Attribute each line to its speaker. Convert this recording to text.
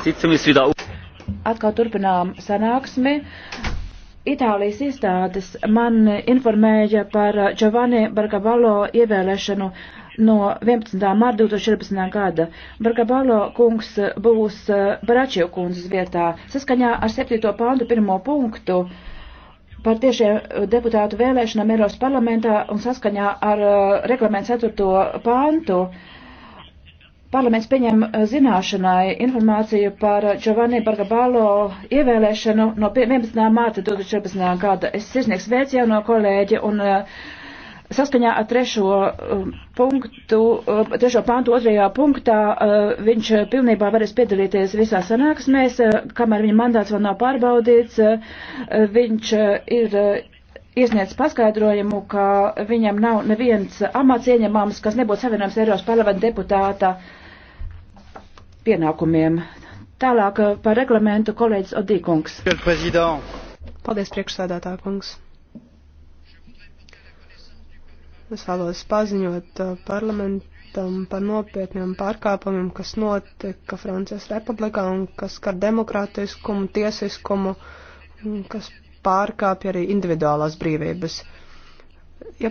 Speaker 1: Atkal
Speaker 2: turpinām sanāksmi. Itālijas iestādes man informēja par uh, Giovanni Bargabalo ievēlēšanu no 11. marta 2014. gada. Bargabalo kungs būs uh, Baračio kundzes vietā. Saskaņā ar 7. pāntu pirmo punktu par tiešiem uh, deputātu vēlēšanām Eiropas parlamentā un saskaņā ar reglamentu 4. pāntu Parlaments pieņem eh, zināšanai informāciju par eh, Giovanni Bargabalo ievēlēšanu no 11. mārta 2014. gada. Es sirsnieks veicu jauno kolēģi un eh, saskaņā ar trešo, punktu, trešo pantu otrajā punktā viņš pilnībā varēs piedalīties visā sanāksmēs, kamēr viņa mandāts vēl nav pārbaudīts. Viņš ir iesniedz paskaidrojumu, ka viņam nav neviens amats ieņemams, kas nebūtu savienojams Eiropas parlamenta deputāta uh, pienākumiem. Tālāk eh, par reglamentu kolēģis Odīkungs.
Speaker 3: Paldies, priekšsēdētā kungs. Es vēlos paziņot eh, parlamentam par nopietniem pārkāpumiem, kas notika Francijas republikā un kas skar demokrātiskumu, tiesiskumu, kas pārkāpja arī individuālās brīvības. Ja